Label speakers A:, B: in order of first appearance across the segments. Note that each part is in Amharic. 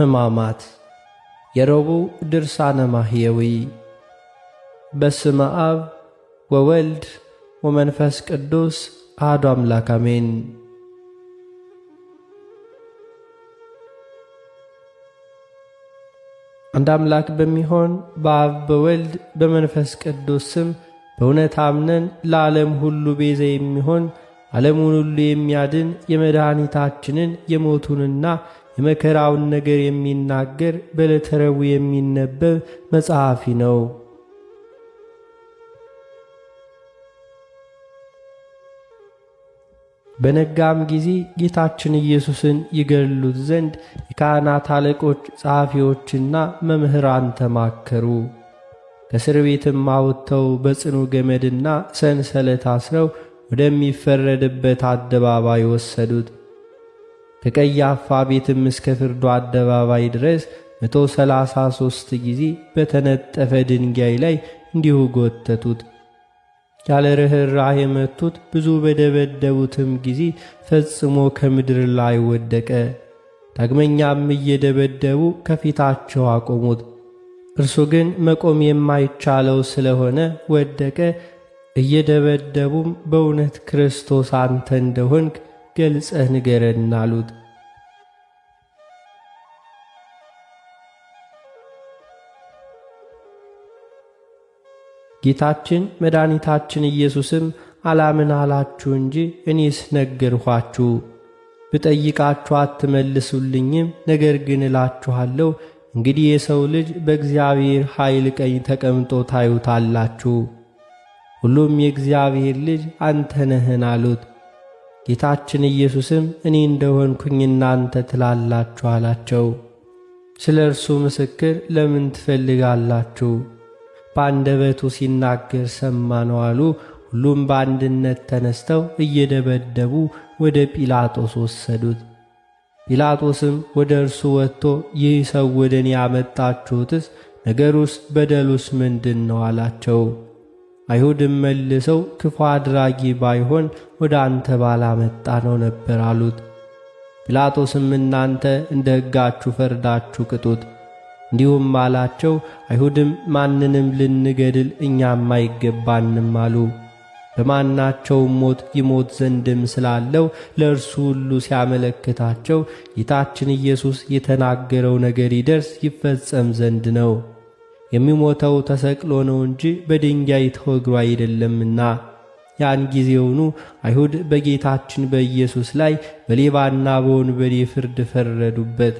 A: ሕማማት የረቡዕ ድርሳነ ማህየዊ። በስመ አብ ወወልድ ወመንፈስ ቅዱስ አሐዱ አምላክ አሜን። አንድ አምላክ በሚሆን በአብ በወልድ በመንፈስ ቅዱስ ስም በእውነት አምነን ለዓለም ሁሉ ቤዛ የሚሆን ዓለሙን ሁሉ የሚያድን የመድኃኒታችንን የሞቱንና የመከራውን ነገር የሚናገር በዕለተ ረቡዕ የሚነበብ መጽሐፊ ነው። በነጋም ጊዜ ጌታችን ኢየሱስን ይገድሉት ዘንድ የካህናት አለቆች ጸሐፊዎችና መምህራን ተማከሩ። ከእስር ቤትም አውጥተው በጽኑ ገመድና ሰንሰለት አስረው ወደሚፈረድበት አደባባይ ወሰዱት። ከቀያፋ ቤትም እስከ ፍርዱ አደባባይ ድረስ መቶ ሰላሳ ሦስት ጊዜ በተነጠፈ ድንጋይ ላይ እንዲሁ ጎተቱት። ያለ ርኅራህ የመቱት ብዙ በደበደቡትም ጊዜ ፈጽሞ ከምድር ላይ ወደቀ። ዳግመኛም እየደበደቡ ከፊታቸው አቆሙት። እርሱ ግን መቆም የማይቻለው ስለሆነ ወደቀ። እየደበደቡም በእውነት ክርስቶስ አንተ እንደሆንክ ገልጸህ ንገረን አሉት። ጌታችን መድኃኒታችን ኢየሱስም አላምን አላችሁ እንጂ እኔስ ነገርኋችሁ። ብጠይቃችሁ አትመልሱልኝም። ነገር ግን እላችኋለሁ እንግዲህ የሰው ልጅ በእግዚአብሔር ኃይል ቀኝ ተቀምጦ ታዩታላችሁ። ሁሉም የእግዚአብሔር ልጅ አንተ ነህን አሉት። ጌታችን ኢየሱስም እኔ እንደሆንኩኝ እናንተ ትላላችሁ አላቸው። ስለ እርሱ ምስክር ለምን ትፈልጋላችሁ? በአንደበቱ ሲናገር ሰማ ነው አሉ። ሁሉም በአንድነት ተነስተው እየደበደቡ ወደ ጲላጦስ ወሰዱት። ጲላጦስም ወደ እርሱ ወጥቶ ይህ ሰው ወደ እኔ ያመጣችሁትስ ነገሩስ በደሉስ ምንድን ነው? አላቸው። አይሁድም መልሰው ክፉ አድራጊ ባይሆን ወደ አንተ ባላመጣ ነው ነበር አሉት። ጲላጦስም እናንተ እንደ ሕጋችሁ ፈርዳችሁ ቅጡት። እንዲሁም አላቸው። አይሁድም ማንንም ልንገድል እኛም አይገባንም አሉ። በማናቸውም ሞት ይሞት ዘንድም ስላለው ለእርሱ ሁሉ ሲያመለክታቸው ጌታችን ኢየሱስ የተናገረው ነገር ይደርስ ይፈጸም ዘንድ ነው። የሚሞተው ተሰቅሎ ነው እንጂ በድንጋይ ተወግሮ አይደለምና። ያን ጊዜውኑ አይሁድ በጌታችን በኢየሱስ ላይ በሌባና በወንበዴ ፍርድ ፈረዱበት።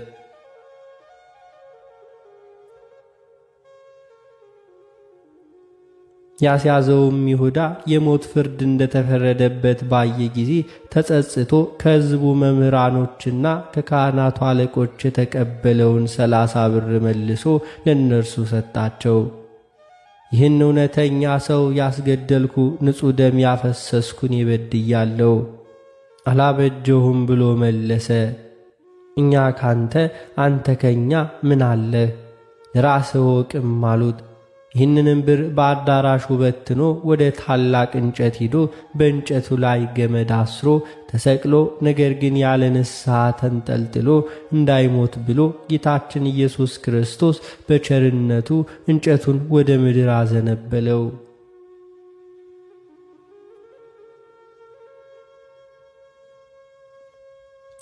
A: ያስያዘውም ይሁዳ የሞት ፍርድ እንደተፈረደበት ባየ ጊዜ ተጸጽቶ ከሕዝቡ መምህራኖችና ከካህናቱ አለቆች የተቀበለውን ሰላሳ ብር መልሶ ለእነርሱ ሰጣቸው። ይህን እውነተኛ ሰው ያስገደልኩ ንጹሕ ደም ያፈሰስኩን ይበድያለሁ፣ አላበጀሁም ብሎ መለሰ። እኛ ካንተ አንተ ከኛ ምን አለህ? ራስህ ወቅም አሉት። ይህንንም ብር በአዳራሹ በትኖ ወደ ታላቅ እንጨት ሂዶ በእንጨቱ ላይ ገመድ አስሮ ተሰቅሎ ነገር ግን ያለ ንስሐ ተንጠልጥሎ እንዳይሞት ብሎ ጌታችን ኢየሱስ ክርስቶስ በቸርነቱ እንጨቱን ወደ ምድር አዘነበለው።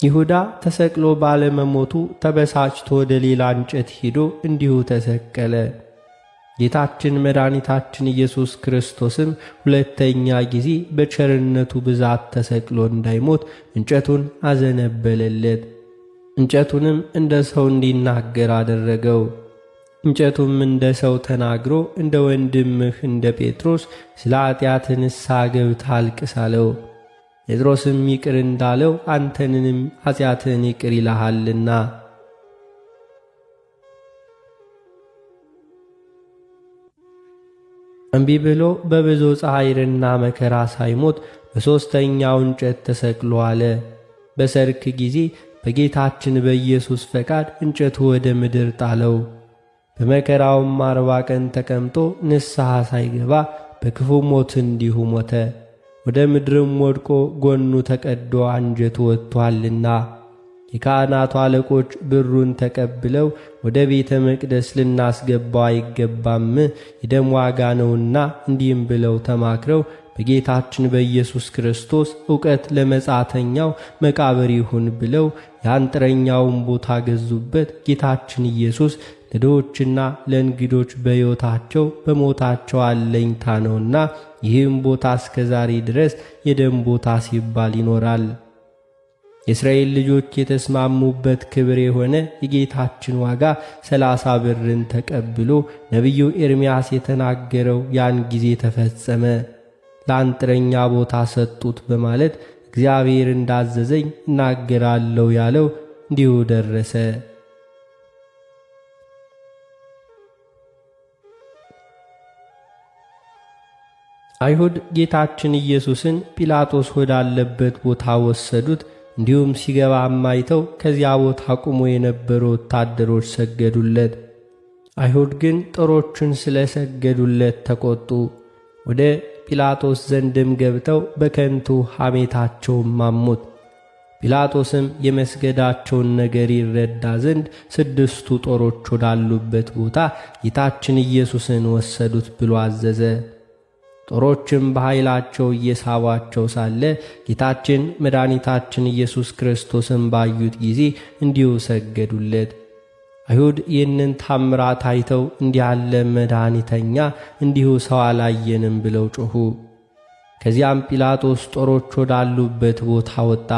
A: ይሁዳ ተሰቅሎ ባለመሞቱ ተበሳጭቶ ወደ ሌላ እንጨት ሂዶ እንዲሁ ተሰቀለ። ጌታችን መድኃኒታችን ኢየሱስ ክርስቶስም ሁለተኛ ጊዜ በቸርነቱ ብዛት ተሰቅሎ እንዳይሞት እንጨቱን አዘነበለለት። እንጨቱንም እንደ ሰው እንዲናገር አደረገው። እንጨቱም እንደ ሰው ተናግሮ እንደ ወንድምህ እንደ ጴጥሮስ ስለ ኃጢአት ንስሐ ገብተህ አልቅስ አለው። ጴጥሮስም ይቅር እንዳለው አንተንንም ኃጢአትህን ይቅር ይልሃልና እምቢ ብሎ በብዙ ፀሐይርና መከራ ሳይሞት በሦስተኛው እንጨት ተሰቅሎ አለ። በሰርክ ጊዜ በጌታችን በኢየሱስ ፈቃድ እንጨቱ ወደ ምድር ጣለው። በመከራውም አርባ ቀን ተቀምጦ ንስሐ ሳይገባ በክፉ ሞት እንዲሁ ሞተ። ወደ ምድርም ወድቆ ጎኑ ተቀዶ አንጀቱ ወጥቶአልና የካህናቱ አለቆች ብሩን ተቀብለው ወደ ቤተ መቅደስ ልናስገባው አይገባም፣ የደም ዋጋ ነውና እንዲህም ብለው ተማክረው በጌታችን በኢየሱስ ክርስቶስ እውቀት ለመጻተኛው መቃብር ይሁን ብለው የአንጥረኛውን ቦታ ገዙበት። ጌታችን ኢየሱስ ለድሆችና ለእንግዶች በሕይወታቸው በሞታቸው አለኝታ ነውና ይህም ቦታ እስከ ዛሬ ድረስ የደም ቦታ ሲባል ይኖራል። የእስራኤል ልጆች የተስማሙበት ክብር የሆነ የጌታችን ዋጋ ሰላሳ ብርን ተቀብሎ ነቢዩ ኤርምያስ የተናገረው ያን ጊዜ ተፈጸመ። ለአንጥረኛ ቦታ ሰጡት በማለት እግዚአብሔር እንዳዘዘኝ እናገራለሁ ያለው እንዲሁ ደረሰ። አይሁድ ጌታችን ኢየሱስን ጲላጦስ ወዳለበት ቦታ ወሰዱት። እንዲሁም ሲገባ አማይተው ከዚያ ቦታ ቆሞ የነበሩ ወታደሮች ሰገዱለት። አይሁድ ግን ጦሮቹን ስለ ሰገዱለት ተቈጡ። ወደ ጲላጦስ ዘንድም ገብተው በከንቱ ሐሜታቸውን ማሙት። ጲላጦስም የመስገዳቸውን ነገር ይረዳ ዘንድ ስድስቱ ጦሮች ወዳሉበት ቦታ ጌታችን ኢየሱስን ወሰዱት ብሎ አዘዘ። ጦሮችም በኃይላቸው እየሳቧቸው ሳለ ጌታችን መድኃኒታችን ኢየሱስ ክርስቶስን ባዩት ጊዜ እንዲሁ ሰገዱለት። አይሁድ ይህንን ታምራት አይተው እንዲህ ያለ መድኃኒተኛ እንዲሁ ሰው አላየንም ብለው ጮኹ። ከዚያም ጲላጦስ ጦሮች ወዳሉበት ቦታ ወጣ።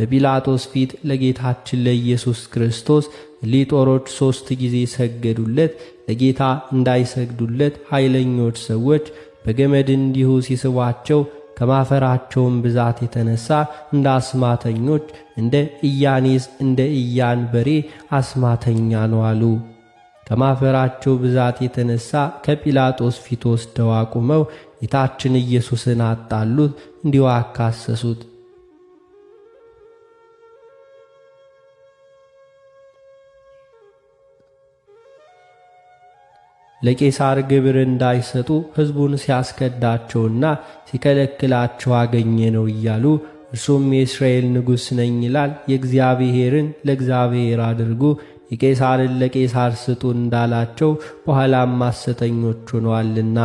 A: በጲላጦስ ፊት ለጌታችን ለኢየሱስ ክርስቶስ ሊጦሮች ሦስት ጊዜ ሰገዱለት። ለጌታ እንዳይሰግዱለት ኃይለኞች ሰዎች በገመድ እንዲሁ ሲስቧቸው ከማፈራቸውም ብዛት የተነሳ እንደ አስማተኞች እንደ ኢያኔስ እንደ ኢያን በሬ አስማተኛ ነው አሉ። ከማፈራቸው ብዛት የተነሳ ከጲላጦስ ፊት ወስደው አቁመው ጌታችን ኢየሱስን አጣሉት፣ እንዲሁ አካሰሱት። ለቄሳር ግብር እንዳይሰጡ ሕዝቡን ሲያስከዳቸውና ሲከለክላቸው አገኘ ነው እያሉ እርሱም የእስራኤል ንጉሥ ነኝ ይላል። የእግዚአብሔርን ለእግዚአብሔር አድርጉ የቄሳርን ለቄሳር ስጡ እንዳላቸው በኋላም ማሰተኞች ሆነዋልና።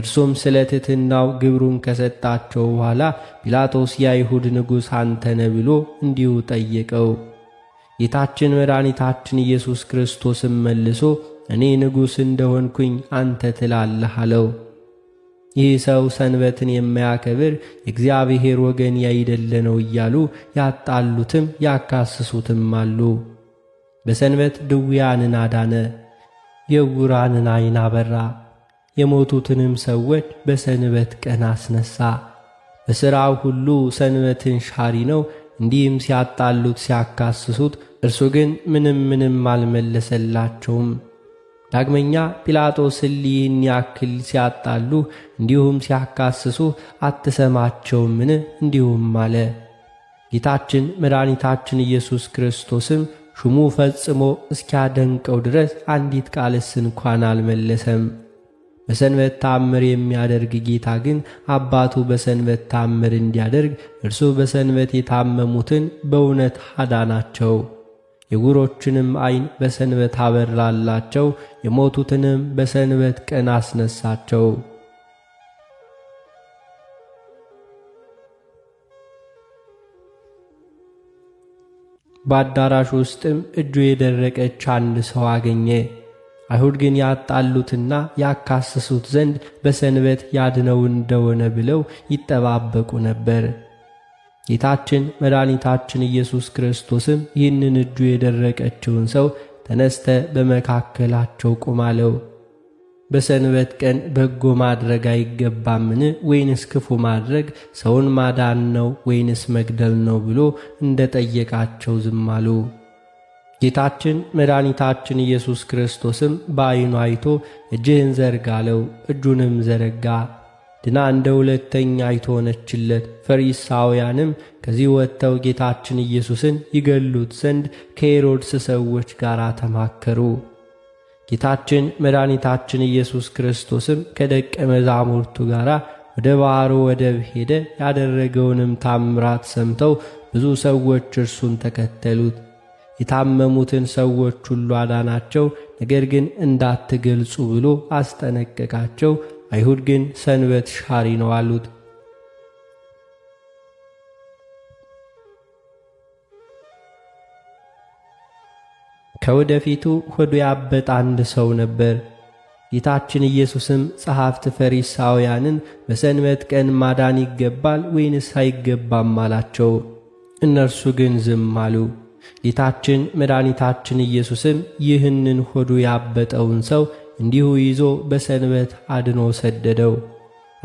A: እርሱም ስለ ትሕትናው ግብሩን ከሰጣቸው በኋላ ጲላጦስ የአይሁድ ንጉሥ አንተነ ብሎ እንዲሁ ጠየቀው። ጌታችን መድኃኒታችን ኢየሱስ ክርስቶስም መልሶ እኔ ንጉሥ እንደሆንኩኝ አንተ ትላለህ አለው። ይህ ሰው ሰንበትን የማያከብር የእግዚአብሔር ወገን ያይደለ ነው እያሉ ያጣሉትም ያካስሱትም አሉ። በሰንበት ድውያንን አዳነ፣ የውራንን ዐይን አበራ፣ የሞቱትንም ሰዎች በሰንበት ቀን አስነሣ። በሥራው ሁሉ ሰንበትን ሻሪ ነው። እንዲህም ሲያጣሉት ሲያካስሱት፣ እርሱ ግን ምንም ምንም አልመለሰላቸውም። ዳግመኛ ጲላጦስን ሊይን ያክል ሲያጣሉ እንዲሁም ሲያካስሱ አትሰማቸውምን? እንዲሁም አለ። ጌታችን መድኃኒታችን ኢየሱስ ክርስቶስም ሹሙ ፈጽሞ እስኪያደንቀው ድረስ አንዲት ቃልስ እንኳን አልመለሰም። በሰንበት ታምር የሚያደርግ ጌታ ግን አባቱ በሰንበት ታምር እንዲያደርግ እርሱ በሰንበት የታመሙትን በእውነት አዳናቸው። የጉሮችንም አይን በሰንበት አበራላቸው፣ የሞቱትንም በሰንበት ቀን አስነሳቸው። በአዳራሽ ውስጥም እጁ የደረቀች አንድ ሰው አገኘ። አይሁድ ግን ያጣሉትና ያካስሱት ዘንድ በሰንበት ያድነው እንደሆነ ብለው ይጠባበቁ ነበር። ጌታችን መድኃኒታችን ኢየሱስ ክርስቶስም ይህንን እጁ የደረቀችውን ሰው ተነስተ በመካከላቸው ቁም አለው። በሰንበት ቀን በጎ ማድረግ አይገባምን? ወይንስ ክፉ ማድረግ ሰውን ማዳን ነው ወይንስ መግደል ነው ብሎ እንደ ጠየቃቸው ዝም አሉ። ጌታችን መድኃኒታችን ኢየሱስ ክርስቶስም በአይኑ አይቶ እጅህን ዘርጋ አለው። እጁንም ዘረጋ። ድና እንደ ሁለተኛ አይቶሆነችለት ፈሪሳውያንም ከዚህ ወጥተው ጌታችን ኢየሱስን ይገሉት ዘንድ ከሄሮድስ ሰዎች ጋር ተማከሩ። ጌታችን መድኃኒታችን ኢየሱስ ክርስቶስም ከደቀ መዛሙርቱ ጋር ወደ ባሕሩ ወደብ ሄደ። ያደረገውንም ታምራት ሰምተው ብዙ ሰዎች እርሱን ተከተሉት። የታመሙትን ሰዎች ሁሉ አዳናቸው። ነገር ግን እንዳትገልጹ ብሎ አስጠነቀቃቸው። አይሁድ ግን ሰንበት ሻሪ ነው አሉት። ከወደፊቱ ሆዱ ያበጠ አንድ ሰው ነበር። ጌታችን ኢየሱስም ጸሐፍት ፈሪሳውያንን በሰንበት ቀን ማዳን ይገባል ወይንስ አይገባም አላቸው። እነርሱ ግን ዝም አሉ። ጌታችን መድኃኒታችን ኢየሱስም ይህንን ሆዱ ያበጠውን ሰው እንዲሁ ይዞ በሰንበት አድኖ ሰደደው።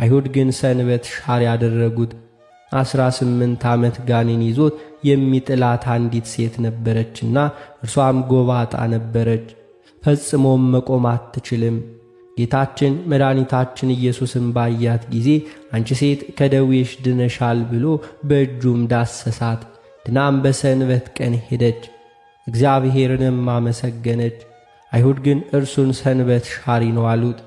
A: አይሁድ ግን ሰንበት ሻር ያደረጉት። አስራ ስምንት ዓመት ጋኔን ይዞት የሚጥላት አንዲት ሴት ነበረችና እርሷም ጎባጣ ነበረች፣ ፈጽሞም መቆም አትችልም። ጌታችን መድኃኒታችን ኢየሱስን ባያት ጊዜ አንቺ ሴት ከደዌሽ ድነሻል ብሎ በእጁም ዳሰሳት። ድናም በሰንበት ቀን ሄደች፣ እግዚአብሔርንም አመሰገነች። አይሁድ ግን እርሱን ሰንበት ሻሪ ነው አሉት።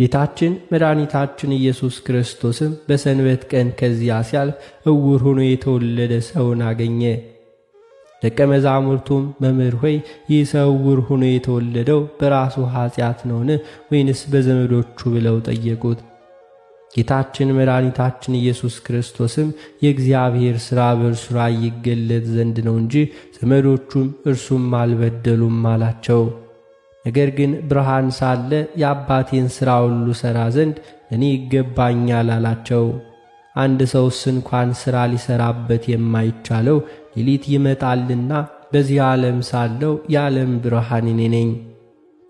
A: ጌታችን መድኃኒታችን ኢየሱስ ክርስቶስም በሰንበት ቀን ከዚያ ሲያልፍ እውር ሆኖ የተወለደ ሰውን አገኘ። ደቀ መዛሙርቱም መምህር ሆይ ይህ ሰው እውር ሆኖ የተወለደው በራሱ ኃጢአት ነውን? ወይንስ በዘመዶቹ ብለው ጠየቁት። ጌታችን መድኃኒታችን ኢየሱስ ክርስቶስም የእግዚአብሔር ሥራ በእርሱ ላይ ይገለጥ ዘንድ ነው እንጂ ዘመዶቹም እርሱም አልበደሉም አላቸው። ነገር ግን ብርሃን ሳለ የአባቴን ሥራ ሁሉ ሠራ ዘንድ እኔ ይገባኛል አላቸው። አንድ ሰውስ እንኳን ሥራ ሊሠራበት የማይቻለው ሌሊት ይመጣልና በዚህ ዓለም ሳለው የዓለም ብርሃን እኔ ነኝ።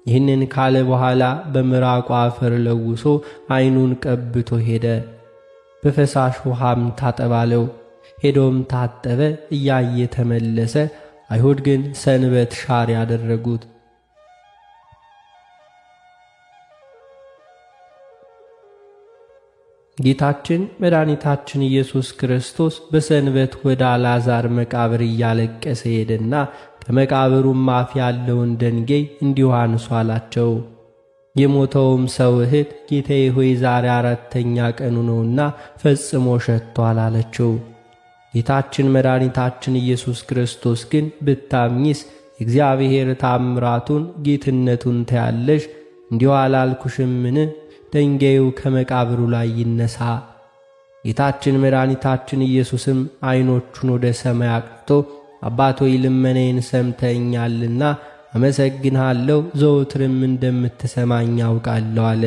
A: ይህንን ካለ በኋላ በምራቋ አፈር ለውሶ ዐይኑን ቀብቶ ሄደ። በፈሳሽ ውሃም ታጠባለው። ሄዶም ታጠበ፣ እያየ ተመለሰ። አይሁድ ግን ሰንበት ሻር ያደረጉት ጌታችን መድኃኒታችን ኢየሱስ ክርስቶስ በሰንበት ወደ አልዓዛር መቃብር እያለቀሰ ሄደና ከመቃብሩም አፍ ያለውን ደንጋይ እንዲሁ አንሱ አላቸው። የሞተውም ሰው እህት ጌታዬ ሆይ ዛሬ አራተኛ ቀኑ ነውና ፈጽሞ ሸቷል አለችው። ጌታችን መድኃኒታችን ኢየሱስ ክርስቶስ ግን ብታምኝስ እግዚአብሔር ታምራቱን ጌትነቱን ታያለሽ እንዲሁ አላልኩሽምን ድንጋዩ ከመቃብሩ ላይ ይነሣ። ጌታችን መድኃኒታችን ኢየሱስም ዐይኖቹን ወደ ሰማይ አቅርቶ አባቶ ልመኔን ሰምተኛልና አመሰግንሃለሁ፣ ዘወትርም እንደምትሰማኝ አውቃለሁ አለ።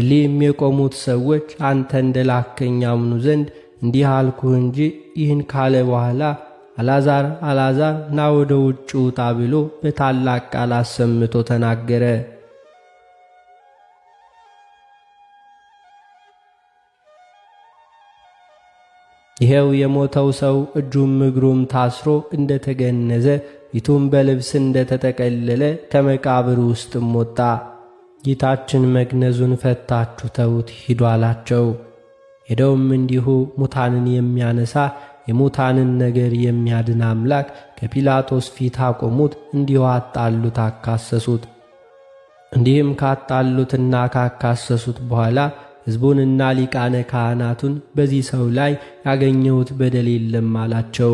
A: እሊህም የቆሙት ሰዎች አንተ እንደ ላከኝ አምኑ ዘንድ እንዲህ አልኩህ እንጂ ይህን ካለ በኋላ አልዓዛር አልዓዛር ና ወደ ውጭ ውጣ ብሎ በታላቅ ቃል አሰምቶ ተናገረ። ይሄው የሞተው ሰው እጁም እግሩም ታስሮ እንደ ተገነዘ ፊቱም በልብስ እንደ ተጠቀለለ ከመቃብር ውስጥም ወጣ። ጌታችን መግነዙን ፈታችሁ ተዉት ሂዱ አላቸው። ሄደውም እንዲሁ ሙታንን የሚያነሳ የሙታንን ነገር የሚያድን አምላክ ከጲላጦስ ፊት አቆሙት፣ እንዲሁ አጣሉት፣ አካሰሱት። እንዲህም ካጣሉትና ካካሰሱት በኋላ ሕዝቡንና ሊቃነ ካህናቱን በዚህ ሰው ላይ ያገኘሁት በደል የለም አላቸው።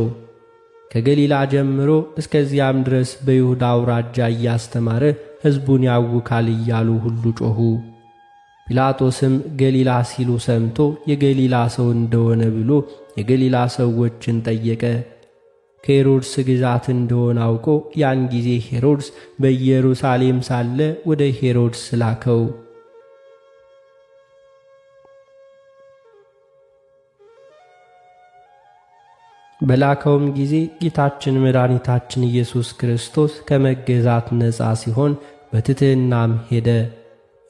A: ከገሊላ ጀምሮ እስከዚያም ድረስ በይሁዳ አውራጃ እያስተማረ ሕዝቡን ያውካል እያሉ ሁሉ ጮኹ። ጲላጦስም ገሊላ ሲሉ ሰምቶ የገሊላ ሰው እንደሆነ ብሎ የገሊላ ሰዎችን ጠየቀ። ከሄሮድስ ግዛት እንደሆነ አውቆ ያን ጊዜ ሄሮድስ በኢየሩሳሌም ሳለ ወደ ሄሮድስ ላከው። በላከውም ጊዜ ጌታችን መድኃኒታችን ኢየሱስ ክርስቶስ ከመገዛት ነፃ ሲሆን በትሕትናም ሄደ።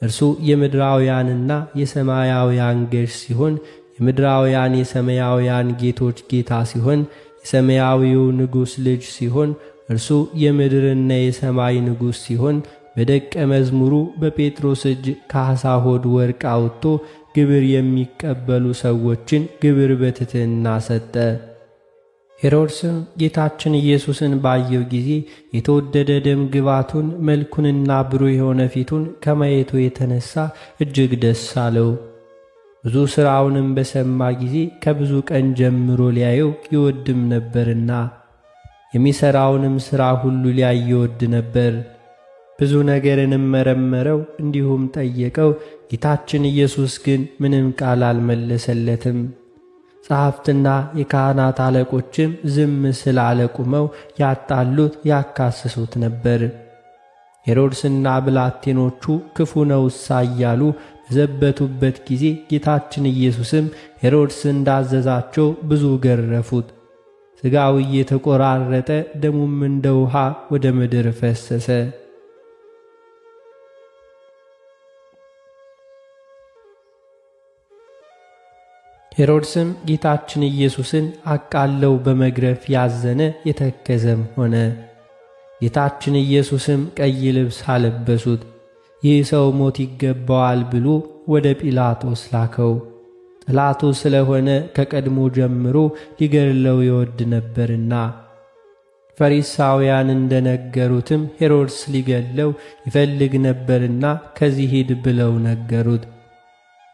A: እርሱ የምድራውያንና የሰማያውያን ገዥ ሲሆን የምድራውያን የሰማያውያን ጌቶች ጌታ ሲሆን የሰማያዊው ንጉሥ ልጅ ሲሆን እርሱ የምድርና የሰማይ ንጉሥ ሲሆን በደቀ መዝሙሩ በጴጥሮስ እጅ ከዓሣ ሆድ ወርቅ አውጥቶ ግብር የሚቀበሉ ሰዎችን ግብር በትሕትና ሰጠ። ሄሮድስም ጌታችን ኢየሱስን ባየው ጊዜ የተወደደ ደም ግባቱን መልኩንና ብሩህ የሆነ ፊቱን ከማየቱ የተነሳ እጅግ ደስ አለው። ብዙ ሥራውንም በሰማ ጊዜ ከብዙ ቀን ጀምሮ ሊያየው ይወድም ነበርና የሚሠራውንም ሥራ ሁሉ ሊያይ ይወድ ነበር። ብዙ ነገርንም መረመረው፣ እንዲሁም ጠየቀው። ጌታችን ኢየሱስ ግን ምንም ቃል አልመለሰለትም። ጸሐፍትና የካህናት አለቆችም ዝም ስላለ ቁመው ያጣሉት ያካስሱት ነበር። ሄሮድስና ብላቴኖቹ ክፉ ነው እያሉ በዘበቱበት ጊዜ ጌታችን ኢየሱስም ሄሮድስ እንዳዘዛቸው ብዙ ገረፉት። ሥጋው እየተቆራረጠ ደሙም እንደ ውሃ ወደ ምድር ፈሰሰ። ሄሮድስም ጌታችን ኢየሱስን አቃለው በመግረፍ ያዘነ የተከዘም ሆነ። ጌታችን ኢየሱስም ቀይ ልብስ አለበሱት። ይህ ሰው ሞት ይገባዋል ብሎ ወደ ጲላጦስ ላከው። ጠላቱ ስለሆነ ከቀድሞ ጀምሮ ሊገድለው ይወድ ነበርና። ፈሪሳውያን እንደነገሩትም ሄሮድስ ሊገድለው ይፈልግ ነበርና ከዚህ ሂድ ብለው ነገሩት።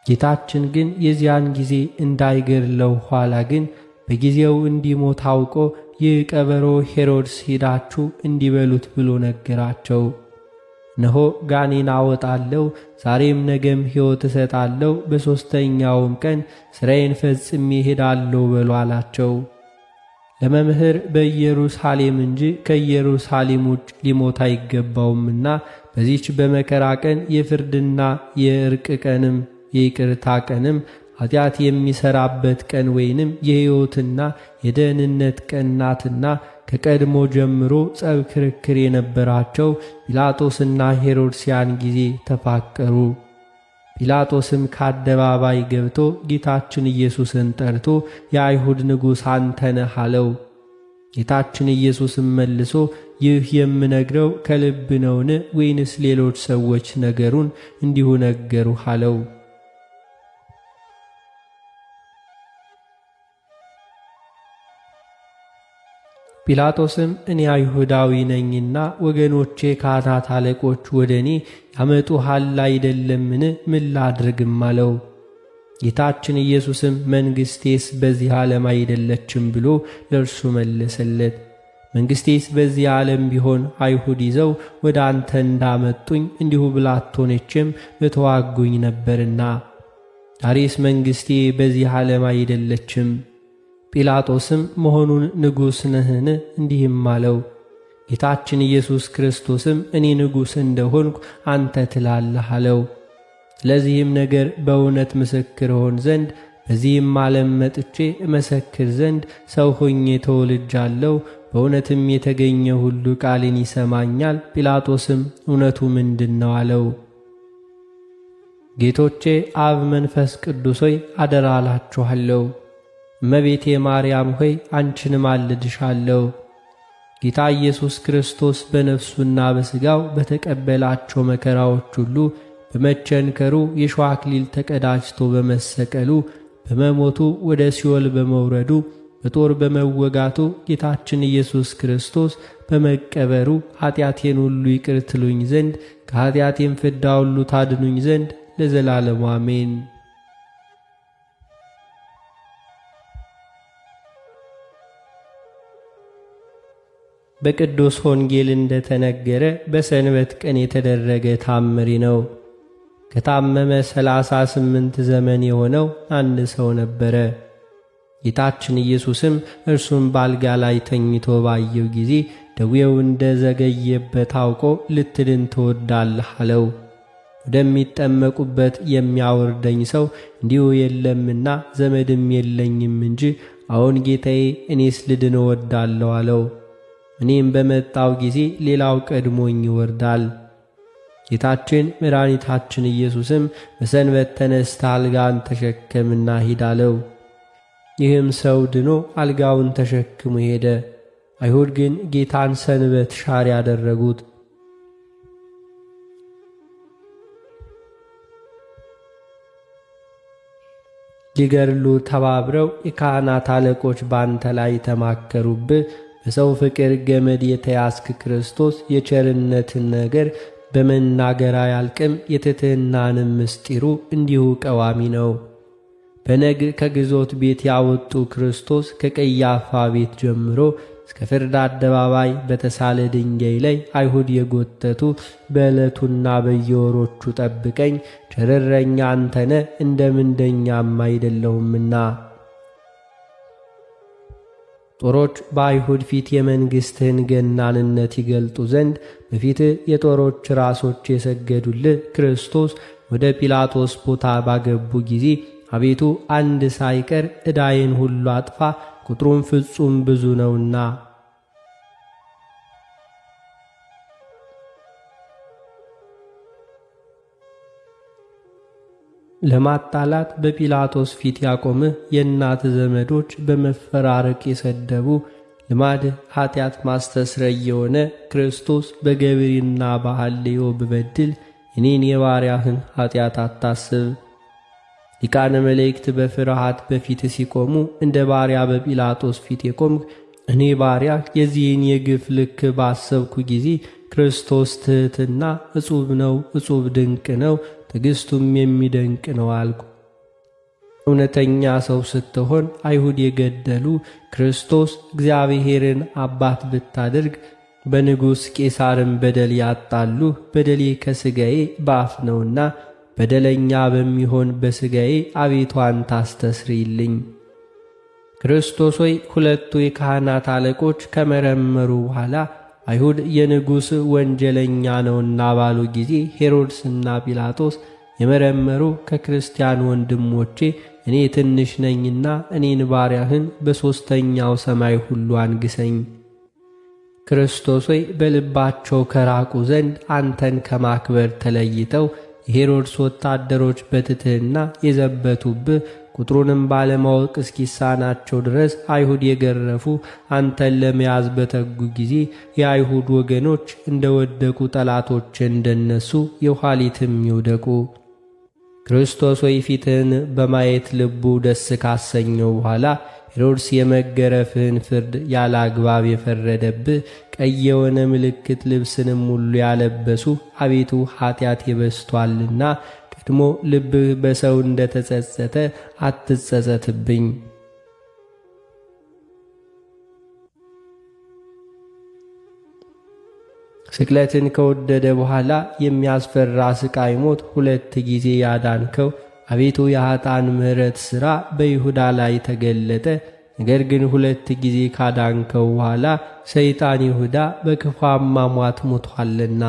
A: ጌታችን ግን የዚያን ጊዜ እንዳይገድለው ኋላ ግን በጊዜው እንዲሞት አውቆ ይህ ቀበሮ ሄሮድስ ሂዳችሁ እንዲበሉት ብሎ ነገራቸው። እነሆ ጋኔን አወጣለሁ፣ ዛሬም ነገም ሕይወት እሰጣለሁ፣ በሦስተኛውም ቀን ሥራዬን ፈጽሜ ሄዳለሁ በሉ አላቸው። ለመምህር በኢየሩሳሌም እንጂ ከኢየሩሳሌም ውጭ ሊሞት አይገባውምና በዚች በመከራ ቀን የፍርድና የእርቅ ቀንም የይቅርታ ቀንም ኃጢአት የሚሠራበት ቀን ወይንም የሕይወትና የደህንነት ቀን ናትና ከቀድሞ ጀምሮ ጸብ፣ ክርክር የነበራቸው ጲላጦስና ያን ጊዜ ተፋቀሩ። ጲላጦስም ከአደባባይ ገብቶ ጌታችን ኢየሱስን ጠርቶ የአይሁድ ንጉሥ አንተነህ አለው። ጌታችን ኢየሱስም መልሶ ይህ የምነግረው ከልብ ነውን? ወይንስ ሌሎች ሰዎች ነገሩን እንዲሁ ነገሩህ አለው። ጲላጦስም እኔ አይሁዳዊ ነኝና ወገኖቼ ካህናት አለቆች ወደ እኔ ያመጡሃል አይደለምን? ምን ላድርግም አለው። ጌታችን ኢየሱስም መንግሥቴስ በዚህ ዓለም አይደለችም ብሎ ለእርሱ መለሰለት። መንግሥቴስ በዚህ ዓለም ቢሆን አይሁድ ይዘው ወደ አንተ እንዳመጡኝ እንዲሁ ብላቴኖቼም በተዋጉኝ ነበርና። ዳሬስ መንግሥቴ በዚህ ዓለም አይደለችም ጲላጦስም መሆኑን ንጉሥ ነህን? እንዲህም አለው። ጌታችን ኢየሱስ ክርስቶስም እኔ ንጉሥ እንደሆንኩ አንተ ትላለህ አለው። ስለዚህም ነገር በእውነት ምስክር ሆን ዘንድ በዚህም ዓለም መጥቼ እመሰክር ዘንድ ሰው ሆኜ ተወልጃለሁ፣ በእውነትም የተገኘ ሁሉ ቃሌን ይሰማኛል። ጲላጦስም እውነቱ ምንድን ነው አለው። ጌቶቼ አብ መንፈስ ቅዱስ ሆይ አደራ አላችኋለሁ እመቤቴ ማርያም ሆይ አንቺን ማልድሻለሁ። ጌታ ኢየሱስ ክርስቶስ በነፍሱና በሥጋው በተቀበላቸው መከራዎች ሁሉ በመቸንከሩ የሸዋክሊል አክሊል ተቀዳጅቶ በመሰቀሉ በመሞቱ ወደ ሲኦል በመውረዱ በጦር በመወጋቱ ጌታችን ኢየሱስ ክርስቶስ በመቀበሩ ኀጢአቴን ሁሉ ይቅር ትሉኝ ዘንድ ከኀጢአቴን ፍዳ ሁሉ ታድኑኝ ዘንድ ለዘላለሙ አሜን። በቅዱስ ወንጌል እንደተነገረ በሰንበት ቀን የተደረገ ታምሪ ነው። ከታመመ ሰላሳ ስምንት ዘመን የሆነው አንድ ሰው ነበረ። ጌታችን ኢየሱስም እርሱን ባልጋ ላይ ተኝቶ ባየው ጊዜ ደዌው እንደ ዘገየበት አውቆ ልትድን ትወዳለህ አለው። ወደሚጠመቁበት የሚያወርደኝ ሰው እንዲሁ የለምና ዘመድም የለኝም እንጂ አሁን ጌታዬ እኔስ ልድን እወዳለሁ አለው። እኔም በመጣው ጊዜ ሌላው ቀድሞኝ ይወርዳል። ጌታችን መድኃኒታችን ኢየሱስም በሰንበት ተነስተ አልጋን ተሸከምና ሂድ አለው። ይህም ሰው ድኖ አልጋውን ተሸክሞ ሄደ። አይሁድ ግን ጌታን ሰንበት ሻር ያደረጉት። ሊገድሉ ተባብረው የካህናት አለቆች ባንተ ላይ ተማከሩብህ በሰው ፍቅር ገመድ የተያዝክ ክርስቶስ የቸርነትን ነገር በመናገር አያልቅም። የትሕትናንም ምስጢሩ እንዲሁ ቀዋሚ ነው። በነግ ከግዞት ቤት ያወጡ ክርስቶስ ከቀያፋ ቤት ጀምሮ እስከ ፍርድ አደባባይ በተሳለ ድንጋይ ላይ አይሁድ የጎተቱ በዕለቱና በየወሮቹ ጠብቀኝ፣ ቸር አንተነ እንደ ምንደኛም አይደለሁምና ጦሮች በአይሁድ ፊት የመንግሥትህን ገናንነት ይገልጡ ዘንድ በፊትህ የጦሮች ራሶች የሰገዱልህ ክርስቶስ ወደ ጲላጦስ ቦታ ባገቡ ጊዜ አቤቱ አንድ ሳይቀር ዕዳዬን ሁሉ አጥፋ፣ ቁጥሩም ፍጹም ብዙ ነውና ለማጣላት በጲላጦስ ፊት ያቆምህ የእናት ዘመዶች በመፈራረቅ የሰደቡ ልማድ ኃጢአት ማስተስረይ የሆነ ክርስቶስ በገብሪና ባህልዮ ብበድል እኔን የባሪያህን ኃጢአት አታስብ። ሊቃነ መላእክት በፍርሃት በፊት ሲቆሙ እንደ ባሪያ በጲላጦስ ፊት የቆምህ እኔ ባሪያ የዚህን የግፍ ልክ ባሰብኩ ጊዜ ክርስቶስ ትሕትና እጹብ ነው፣ እጹብ ድንቅ ነው ትዕግሥቱም የሚደንቅ ነው አልኩ። እውነተኛ ሰው ስትሆን አይሁድ የገደሉ ክርስቶስ እግዚአብሔርን አባት ብታደርግ በንጉሥ ቄሳርን በደል ያጣሉ። በደሌ ከሥጋዬ በአፍ ነውና በደለኛ በሚሆን በሥጋዬ አቤቷን ታስተስሪልኝ። ክርስቶስ ሆይ ሁለቱ የካህናት አለቆች ከመረመሩ በኋላ አይሁድ የንጉሥ ወንጀለኛ ነውና ባሉ ጊዜ ሄሮድስና ጲላጦስ የመረመሩ ከክርስቲያን ወንድሞቼ እኔ ትንሽ ነኝና እኔን ባሪያህን በሦስተኛው ሰማይ ሁሉ አንግሰኝ፣ ክርስቶስ ሆይ በልባቸው ከራቁ ዘንድ አንተን ከማክበር ተለይተው የሄሮድስ ወታደሮች በትትህና የዘበቱብህ ቁጥሩንም ባለማወቅ እስኪሳናቸው ድረስ አይሁድ የገረፉ አንተን ለመያዝ በተጉ ጊዜ የአይሁድ ወገኖች እንደወደቁ ጠላቶች እንደነሱ የኋሊትም ይውደቁ። ክርስቶስ ወይ ፊትህን በማየት ልቡ ደስ ካሰኘው በኋላ ሄሮድስ የመገረፍህን ፍርድ ያለ አግባብ የፈረደብህ ቀይ የሆነ ምልክት ልብስንም ሁሉ ያለበሱ አቤቱ ኃጢአት የበስቷልና ቀድሞ ልብህ በሰው እንደተጸጸተ አትጸጸትብኝ። ስቅለትን ከወደደ በኋላ የሚያስፈራ ስቃይ ሞት ሁለት ጊዜ ያዳንከው አቤቱ የኀጣን ምሕረት ሥራ በይሁዳ ላይ ተገለጠ። ነገር ግን ሁለት ጊዜ ካዳንከው በኋላ ሰይጣን ይሁዳ በክፉ አሟሟት ሞቷልና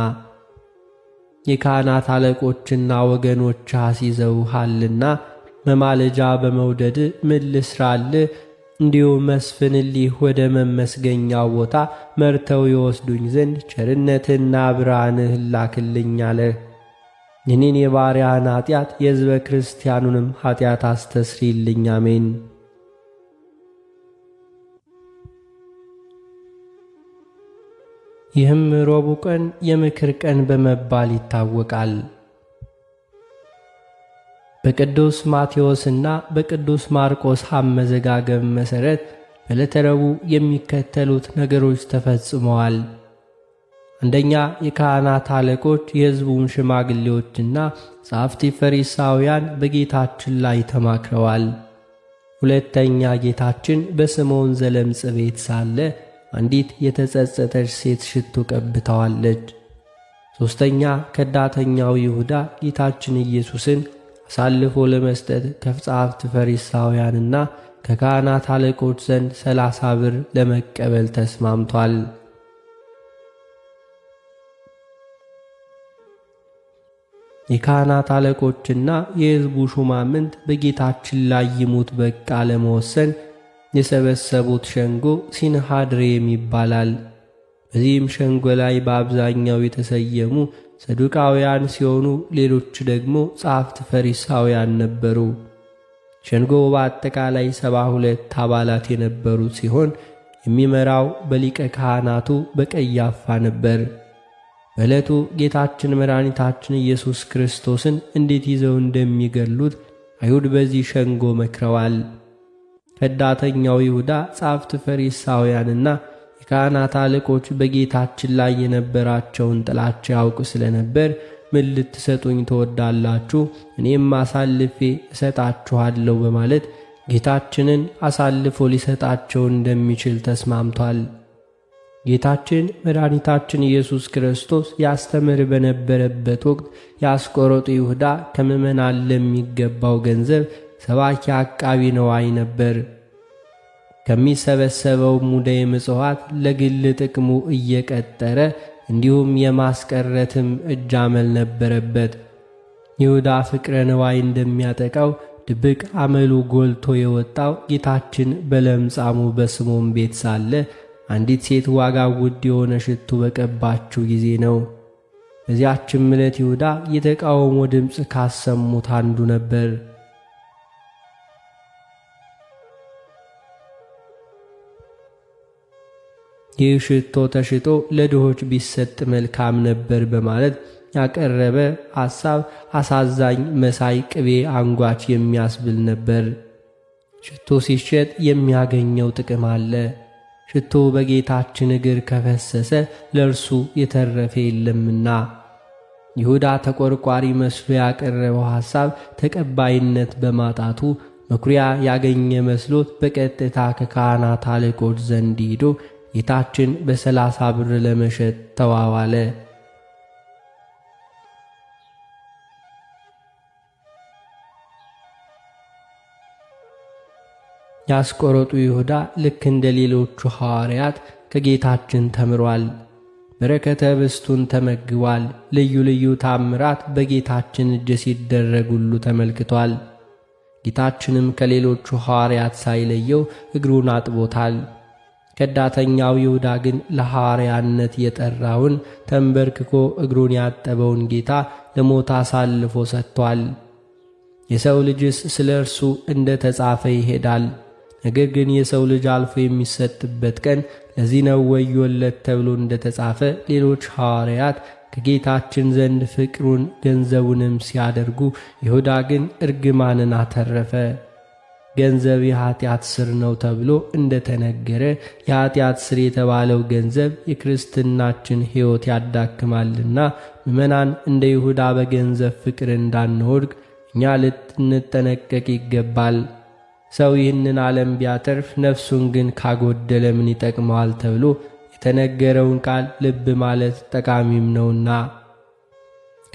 A: የካህናት አለቆችና ወገኖች አስይዘውሃልና መማለጃ በመውደድ ምን ልስራልህ? እንዲሁ መስፍንልህ ወደ መመስገኛ ቦታ መርተው የወስዱኝ ዘንድ ቸርነትና ብርሃንህ ላክልኝ አለ። የባሪያን የባሪያህን ኃጢአት የሕዝበ ክርስቲያኑንም ኃጢአት አስተስሪልኝ፣ አሜን። ይህም ረቡዕ ቀን የምክር ቀን በመባል ይታወቃል። በቅዱስ ማቴዎስና በቅዱስ ማርቆስ አመዘጋገብ መሠረት በዕለተ ረቡዕ የሚከተሉት ነገሮች ተፈጽመዋል። አንደኛ፣ የካህናት አለቆች የሕዝቡን ሽማግሌዎችና ጸሐፍቲ ፈሪሳውያን በጌታችን ላይ ተማክረዋል። ሁለተኛ፣ ጌታችን በስምዖን ዘለምጽ ቤት ሳለ አንዲት የተጸጸተች ሴት ሽቱ ቀብተዋለች። ሦስተኛ ከዳተኛው ይሁዳ ጌታችን ኢየሱስን አሳልፎ ለመስጠት ከጸሐፍት ፈሪሳውያንና ከካህናት አለቆች ዘንድ ሰላሳ ብር ለመቀበል ተስማምቷል። የካህናት አለቆችና የሕዝቡ ሹማምንት በጌታችን ላይ ይሙት በቃ ለመወሰን የሰበሰቡት ሸንጎ ሲንሃድሬም ይባላል። በዚህም ሸንጎ ላይ በአብዛኛው የተሰየሙ ሰዱቃውያን ሲሆኑ ሌሎች ደግሞ ጻፍት ፈሪሳውያን ነበሩ። ሸንጎው በአጠቃላይ ሰባ ሁለት አባላት የነበሩት ሲሆን የሚመራው በሊቀ ካህናቱ በቀያፋ ነበር። በዕለቱ ጌታችን መድኃኒታችን ኢየሱስ ክርስቶስን እንዴት ይዘው እንደሚገሉት አይሁድ በዚህ ሸንጎ መክረዋል። ከዳተኛው ይሁዳ ጻፍት ፈሪሳውያንና የካህናት አለቆች በጌታችን ላይ የነበራቸውን ጥላቸው ያውቅ ስለነበር ምን ልትሰጡኝ ትወዳላችሁ? እኔም አሳልፌ እሰጣችኋለሁ በማለት ጌታችንን አሳልፎ ሊሰጣቸው እንደሚችል ተስማምቷል። ጌታችን መድኃኒታችን ኢየሱስ ክርስቶስ ያስተምር በነበረበት ወቅት የአስቆሮጡ ይሁዳ ከምዕመናን ለሚገባው ገንዘብ ሰባኪ አቃቢ ነዋይ ነበር። ከሚሰበሰበው ሙዳየ ምጽዋት ለግል ጥቅሙ እየቀጠረ እንዲሁም የማስቀረትም እጅ አመል ነበረበት። ይሁዳ ፍቅረ ነዋይ እንደሚያጠቃው ድብቅ አመሉ ጎልቶ የወጣው ጌታችን በለምጻሙ በስምዖን ቤት ሳለ አንዲት ሴት ዋጋ ውድ የሆነ ሽቱ በቀባችው ጊዜ ነው። በዚያችም ዕለት ይሁዳ የተቃውሞ ድምፅ ካሰሙት አንዱ ነበር። ይህ ሽቶ ተሽጦ ለድሆች ቢሰጥ መልካም ነበር በማለት ያቀረበ ሐሳብ አሳዛኝ መሳይ ቅቤ አንጓች የሚያስብል ነበር። ሽቶ ሲሸጥ የሚያገኘው ጥቅም አለ። ሽቶ በጌታችን እግር ከፈሰሰ ለእርሱ የተረፈ የለምና። ይሁዳ ተቆርቋሪ መስሎ ያቀረበው ሐሳብ ተቀባይነት በማጣቱ መኩሪያ ያገኘ መስሎት በቀጥታ ከካህናት አለቆች ዘንድ ሂዶ ጌታችን በሰላሳ ብር ለመሸጥ ተዋዋለ። ያስቆረጡ ይሁዳ ልክ እንደ ሌሎቹ ሐዋርያት ከጌታችን ተምሯል። በረከተ ብስቱን ተመግቧል። ልዩ ልዩ ታምራት በጌታችን እጅ ሲደረግ ሁሉ ተመልክቷል። ጌታችንም ከሌሎቹ ሐዋርያት ሳይለየው እግሩን አጥቦታል። ከዳተኛው ይሁዳ ግን ለሐዋርያነት የጠራውን ተንበርክኮ እግሩን ያጠበውን ጌታ ለሞት አሳልፎ ሰጥቷል። የሰው ልጅስ ስለ እርሱ እንደ ተጻፈ ይሄዳል። ነገር ግን የሰው ልጅ አልፎ የሚሰጥበት ቀን ለዚህ ነው ወዮለት ተብሎ እንደ ተጻፈ ሌሎች ሐዋርያት ከጌታችን ዘንድ ፍቅሩን ገንዘቡንም ሲያደርጉ፣ ይሁዳ ግን እርግማንን አተረፈ። ገንዘብ የኃጢአት ስር ነው ተብሎ እንደተነገረ የኃጢአት ስር የተባለው ገንዘብ የክርስትናችን ሕይወት ያዳክማልና ምዕመናን እንደ ይሁዳ በገንዘብ ፍቅር እንዳንወድቅ እኛ ልንጠነቀቅ ይገባል። ሰው ይህንን ዓለም ቢያተርፍ ነፍሱን ግን ካጎደለ ምን ይጠቅመዋል ተብሎ የተነገረውን ቃል ልብ ማለት ጠቃሚም ነውና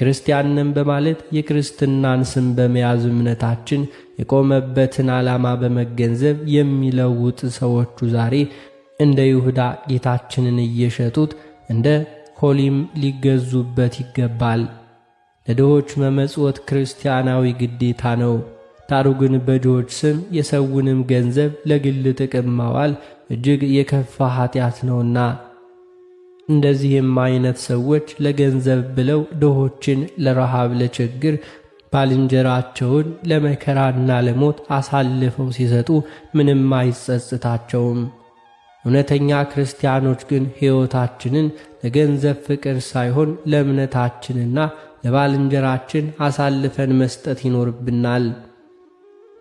A: ክርስቲያንም በማለት የክርስትናን ስም በመያዝ እምነታችን የቆመበትን ዓላማ በመገንዘብ የሚለውጥ ሰዎቹ ዛሬ እንደ ይሁዳ ጌታችንን እየሸጡት እንደ ኮሊም ሊገዙበት ይገባል። ለድሆች መመጽወት ክርስቲያናዊ ግዴታ ነው። ዳሩ ግን በድሆች ስም የሰውንም ገንዘብ ለግል ጥቅም ማዋል እጅግ የከፋ ኃጢአት ነውና እንደዚህም አይነት ሰዎች ለገንዘብ ብለው ድሆችን ለረሃብ፣ ለችግር ባልንጀራቸውን ለመከራና ለሞት አሳልፈው ሲሰጡ ምንም አይጸጽታቸውም። እውነተኛ ክርስቲያኖች ግን ሕይወታችንን ለገንዘብ ፍቅር ሳይሆን ለእምነታችንና ለባልንጀራችን አሳልፈን መስጠት ይኖርብናል።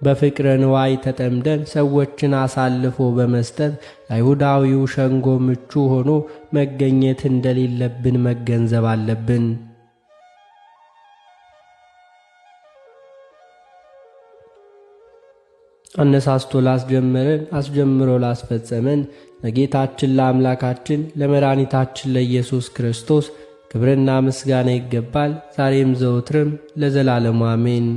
A: በፍቅረ ንዋይ ተጠምደን ሰዎችን አሳልፎ በመስጠት አይሁዳዊው ሸንጎ ምቹ ሆኖ መገኘት እንደሌለብን መገንዘብ አለብን። አነሳስቶ ላስጀመረን አስጀምሮ ላስፈጸመን ለጌታችን ለአምላካችን ለመድኃኒታችን ለኢየሱስ ክርስቶስ ክብርና ምስጋና ይገባል፣ ዛሬም ዘውትርም ለዘላለሙ አሜን።